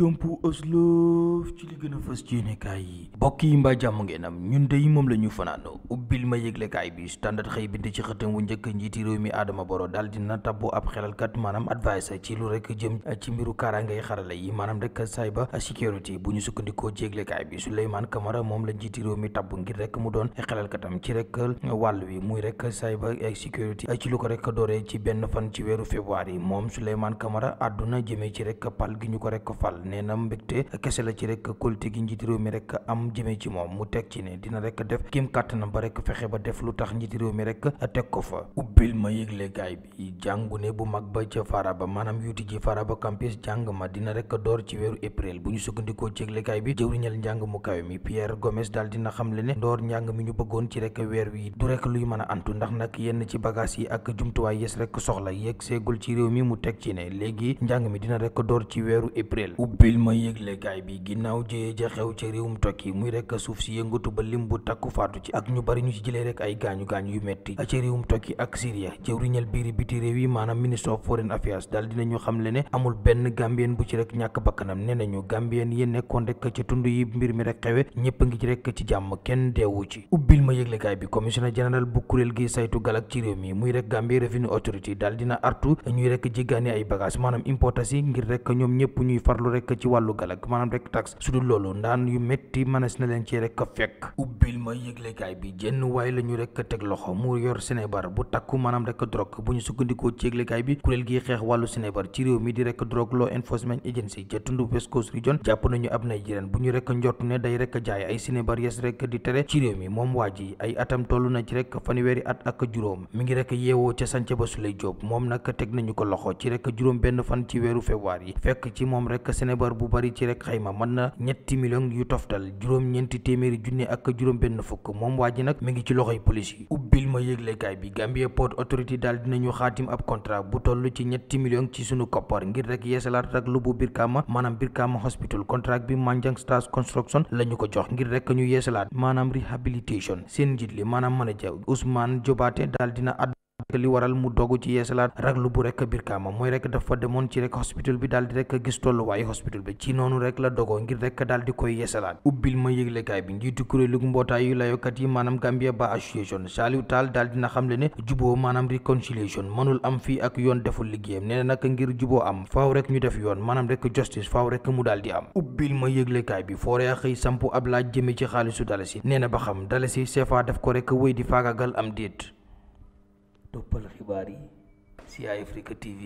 compu Oslof ci li gën a fës yi bokk yi mbaa jàmm ngeen am ñun dey moom la ñu fanaanoo ubbil ma yeglekaay bi standard xëy bind ci xëtam wu njëkk njiiti réew mi Adama Baro daal na tabbu ab xelalkat maanaam adviser ci lu rek jëm ci mbiru kaaraangay xarala yi maanaam rek cyber security bu ñu sukkandikoo ci yëglekaay bi Souleymane Camara moom la njiiti réew mi tabb ngir rek mu doon xelalkatam ci rek wàll wi muy rek cyber security ci lu ko rek dooree ci benn fan ci weeru février moom Souleymane Camara àdduna jëmee ci rek pal gi ñu ko rek fal Wade nee na mbégte kese la ci rek kóolute gi njiiti réew mi rek am jëme ci moom mu teg ci ne dina rek def kim kàttanam ba rekk fexe ba def lu tax njiiti réew mi rek teg ko fa ubbil ma yëglekaay bi jàngune bu mag ba ca faraba maanaam yuuti ji faraba campus jàng ma dina rek door ci weeru avril bu ñu sukkandikoo ci bi du rek a antu ndax nag yenn ci bagage mi mu teg ci ne léegi njàng mi dina rek door ci weeru bi ginnaaw jëyee ja xew ca réewum tokki muy a suuf si yëngatu ba lim bu takku faatu ci ak ñu bari ñu ci jëlee ay gaañu gaañu yu metti ca réewum tokki ak si Syria jëwriñal biiri biti réew yi maanaam ministre of foreign affairs daal dinañu xamle ne amul benn gambien bu ci rek ñàkk bakkanam nee nañu gambien yi nekkoon rek ci tund yi mbir mi rek xewe ñëpp a ngi rek ci jàmm kenn deewu ci ubbil ma yëglekaay bi commissioner général bu kuréel gi saytu galak ci réew mi muy rek Gambia Authority daal dina artu ñuy rek jéggaane ay bagage maanaam importation ngir rek ñoom ñëpp ñuy farlu rek ci wàllu galak maanaam su dul loolu ndaan yu métti mënees na bi jenn la ñu rek mu yor Sénébar maanaam rek drogue bu ñu sukkandikoo ci yëglekaay bi kuréel gi xeex wàllu sinébar ci réew mi di rek drogue law enforcement agency ca tundu West Coast Region jàpp nañu ab Nigerian bu ñu rek njortu ne day rek jaay ay sinébar yes rek di tere ci réew mi moom waa ji ay atam toll na ci rek fanweeri at ak juróom mi ngi rek yeewoo ca sance ba Suley Joob moom nag teg nañu ko loxo ci rek juróom benn fan ci weeru février fekk ci moom rek sinébar fukk moom waa ji nag mi ngi ci yi ubbil ma yëglekaay haute autorité daal dinañu xaatim ab contrat bu toll ci ñetti millions ci sunu koppar ngir rek yeesalaat rek lu bu Birkama maanaam Birkama hospital contrat bi Manjang Stars construction la ko jox ngir rek ñu yeesalaat maanaam rehabilitation seen njiit li maanaam manager Ousmane Jobaate daal dina li waral mu dogu ci yeesalaat raglu bu rek biir kaama mooy rek dafa demoon ci rek hospital bi daal di rek gis tolluwaayu hospital bi ci noonu rek la dogoo ngir rek daal di koy yeesalaat ubbil ma yeglekaay bi njiitu kuréelu mbootaayu layokat yi maanaam Gambia Bar Association Saliou daal dina xamle ne juboo maanaam réconciliation mënul am fii ak yoon deful liggéeyam nee na nag ngir juboo am faaw rek ñu def yoon maanaam rek justice faaw rek mu daal di am ubbil ma yëglekaay bi foore a xëy samp ab laaj jëme ci xaalisu dalasi nee na ba xam dalasi CFA daf ko rek wéy di faagagal am déet toppal xibaar yi ci Africa TV